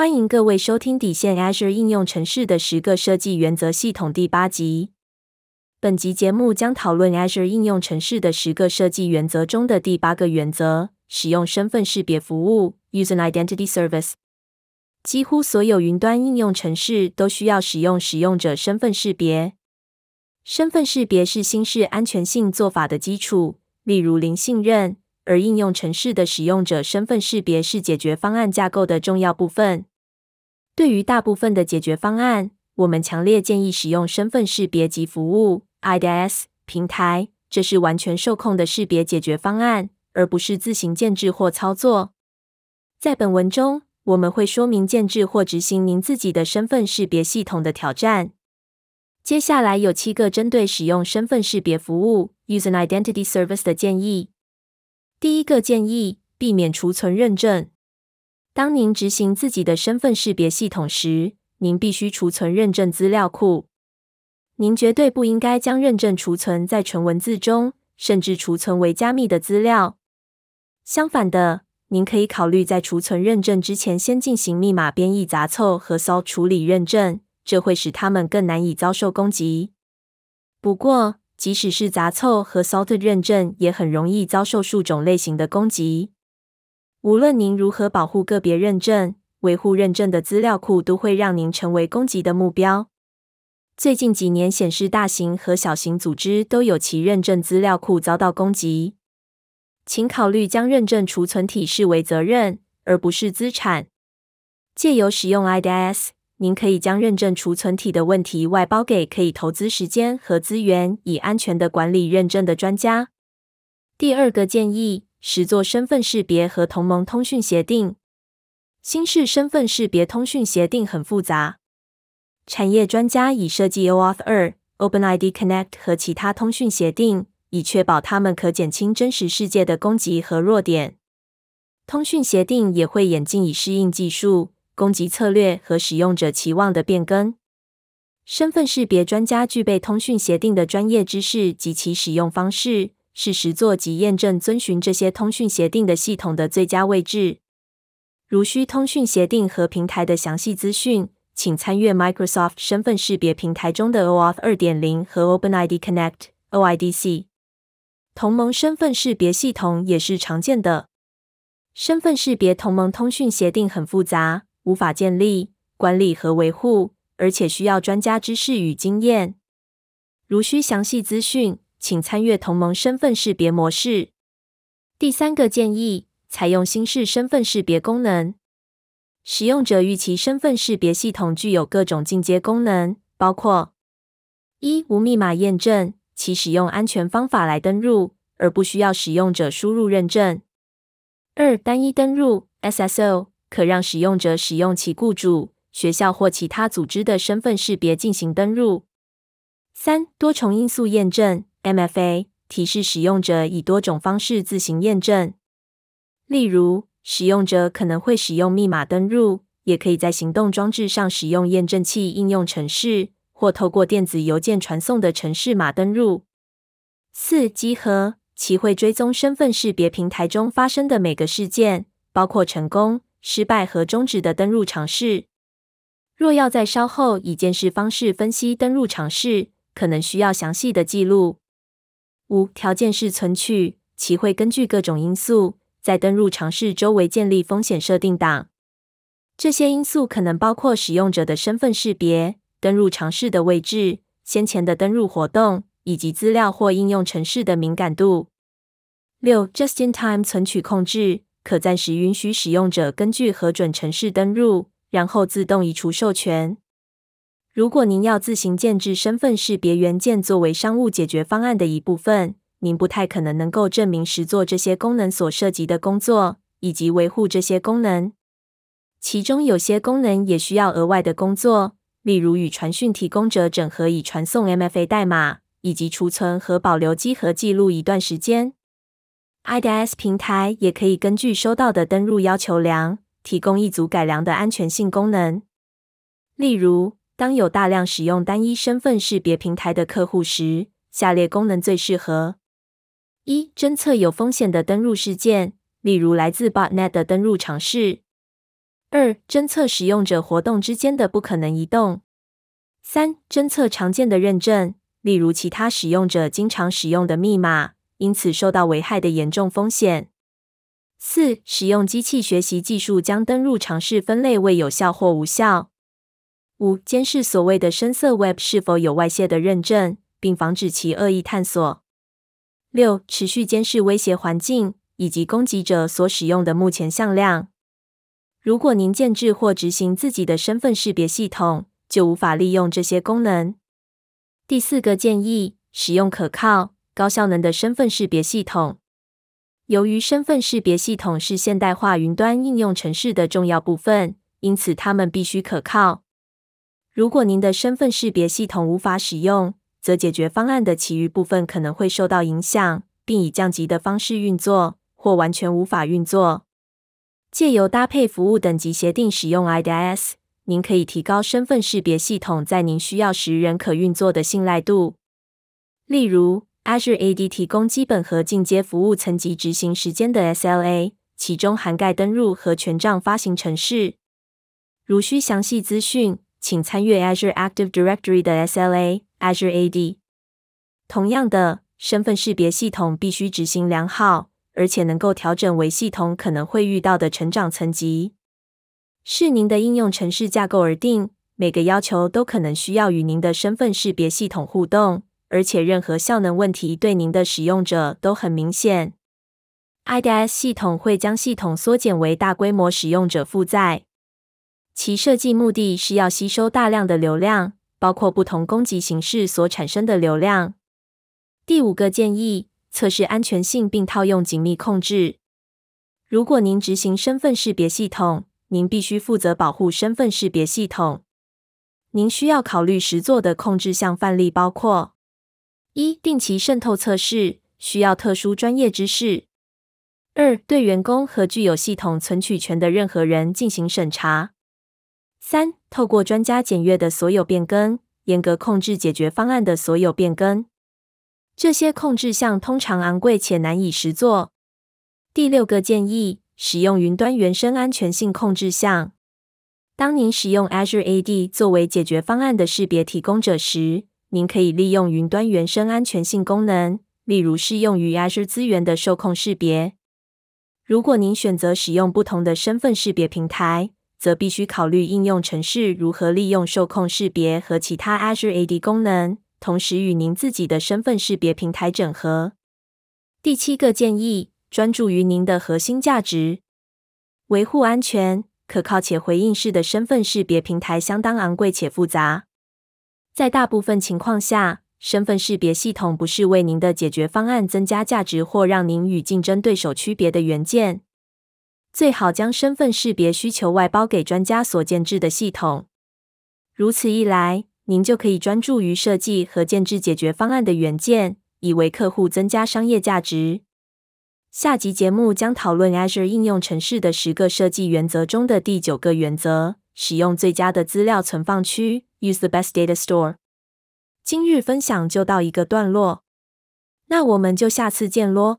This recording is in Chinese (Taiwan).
歡迎各位收聽《底線 Azure 應用程式的十個設計原則》系統第八集。本集節目將討論 Azure 應用程式的十個設計原則中的第八個原則：使用身份識別服務 （Use an identity service）。幾乎所有雲端應用程式都需要使用使用者身份識別。身份識別是新式安全性做法的基礎，例如零信任，而應用程式的使用者身份識別是解決方案架構的重要部分。對於大部分的解決方案，我們強烈建議使用身份識別即服務 （IDaaS） 平台。這是完全受控的識別解決方案，而不是自行建置或操作。在本文中，我們會說明建置或執行您自己的身份識別系統的挑戰。接下來有七個針對使用身份識別服務 （Use an Identity Service） 的建議。第一個建議：避免儲存認證。當您執行自己的身分識別系統時，您必須儲存認證資料庫。您絕對不應該將認證儲存在純文字中，甚至儲存為加密的資料。相反的，您可以考慮在儲存認證之前先進行密碼編譯、雜湊和鹽處理認證，這會使它們更難以遭受攻擊。不過，即使是雜湊和鹽的認證，也很容易遭受數種類型的攻擊。無論您如何保護個別認證，維護認證的資料庫都會讓您成為攻擊的目標。最近幾年顯示，大型和小型組織都有其認證資料庫遭到攻擊。請考慮將認證儲存體視為責任，而不是資產。借由使用 IDaaS，您可以將認證儲存體的問題外包給可以投資時間和資源以安全的管理認證的專家。第二個建議。實作身份識別和同盟通訊協定。新式身份識別通訊協定很複雜。產業專家已設計 OAuth 2、OpenID Connect 和其他通訊協定，以確保它們可減輕真實世界的攻擊和弱點。通訊協定也會演進，以適應技術、攻擊策略和使用者期望的變更。身份識別專家具備通訊協定的專業知識及其使用方式。是實作及驗證遵循這些通訊協定的系統的最佳位置。如需通訊協定和平台的詳細資訊，請參閱 Microsoft 身份識別平台中的 OAuth 2.0和 OpenID Connect (OIDC)。同盟身份識別系統也是常見的。身份識別同盟通訊協定很複雜，無法建立、管理和維護，而且需要專家知識與經驗。如需詳細資訊。請參閱同盟身份識別模式。第三個建議採用新式身份識別功能。使用者預期身份識別系統具有各種進階功能，包括：一、無密碼驗證，其使用安全方法來登入，而不需要使用者輸入認證；二、單一登入 （SSO），可讓使用者使用其僱主、學校或其他組織的身份識別進行登入；三、多重因素驗證。MFA 提示使用者以多種方式自行驗證，例如使用者可能會使用密碼登入，也可以在行動裝置上使用驗證器應用程式，或透過電子郵件傳送的程式碼登入。四、稽核，其會追蹤身分識別平台中發生的每個事件，包括成功、失敗和終止的登入嘗試。若要在稍後以鑑識方式分析登入嘗試，可能需要詳細的記錄。五、條件式存取，其會根據各種因素，在登入嘗試周圍建立風險設定檔。這些因素可能包括使用者的身份識別、登入嘗試的位置、先前的登入活動，以及資料或應用程式的敏感度。六、Just-in-time 存取控制，可暫時允許使用者根據核准程式登入，然後自動移除授權。如果您要自行建置身份識別元件作為商務解決方案的一部分，您不太可能能夠證明實作這些功能所涉及的工作，以及維護這些功能。其中有些功能也需要額外的工作，例如與傳訊提供者整合以傳送 MFA 代碼，以及儲存和保留稽核記錄一段時間。IDaaS 平台也可以根據收到的登入要求量，提供一組改良的安全性功能，例如。當有大量使用單一身分識別平台的客戶時，下列功能最適合：一、偵測有風險的登入事件，例如來自 Botnet 的登入嘗試；二、偵測使用者活動之間的不可能移動；三、偵測常見的認證，例如其他使用者經常使用的密碼，因此受到危害的嚴重風險；四、使用機器學習技術將登入嘗試分類為有效或無效。五、監視所謂的深色 Web 是否有外洩的認證，並防止其惡意探索。六、持續監視威脅環境以及攻擊者所使用的目前向量。如果您建置或執行自己的身份識別系統，就無法利用這些功能。第四個建議：使用可靠、高效能的身份識別系統。由於身份識別系統是現代化雲端應用程式的重要部分，因此它們必須可靠。如果您的身份識別系統無法使用，則解決方案的其餘部分可能會受到影響，並以降級的方式運作，或完全無法運作。借由搭配服務等級協定使用 IDS，您可以提高身份識別系統在您需要時仍可運作的信賴度。例如，Azure AD 提供基本和進階服務層級執行時間的 SLA，其中涵蓋登入和權杖發行程式。如需詳細資訊。請參閱 Azure Active Directory 的 SLA。Azure AD。同樣的，身份識別系統必須執行良好，而且能夠調整為系統可能會遇到的成長層級，視您的應用程式架構而定。每個要求都可能需要與您的身份識別系統互動，而且任何效能問題對您的使用者都很明顯。IDaaS 系統會將系統縮減為大規模使用者負載。其設計目的是要吸收大量的流量，包括不同攻擊形式所產生的流量。第五個建議：測試安全性並套用緊密控制。如果您執行身份識別系統，您必須負責保護身份識別系統。您需要考慮實作的控制項範例包括：一、定期滲透測試，需要特殊專業知識；二、對員工和具有系統存取權的任何人進行審查。三，透過專家檢閱的所有變更，嚴格控制解決方案的所有變更。這些控制項通常昂貴且難以實作。第六個建議，使用雲端原生安全性控制項。當您使用 Azure AD 作為解決方案的識別提供者時，您可以利用雲端原生安全性功能，例如適用於 Azure 資源的受控識別。如果您選擇使用不同的身份識別平台，則必須考慮應用程式如何利用受控識別和其他 Azure AD 功能，同時與您自己的身份識別平台整合。第七個建議：專注於您的核心價值。維護安全、可靠且回應式的身份識別平台相當昂貴且複雜。在大部分情況下，身份識別系統不是為您的解決方案增加價值或讓您與競爭對手區別的元件。最好將身份識別需求外包給專家所建制的系統。如此一來，您就可以專注於設計和建制解決方案的元件，以為客戶增加商業價值。下集節目將討論 Azure 應用程式的十個設計原則中的第九個原則：使用最佳的資料存放區 （Use the best data store）。今日分享就到一個段落，那我們就下次見囉。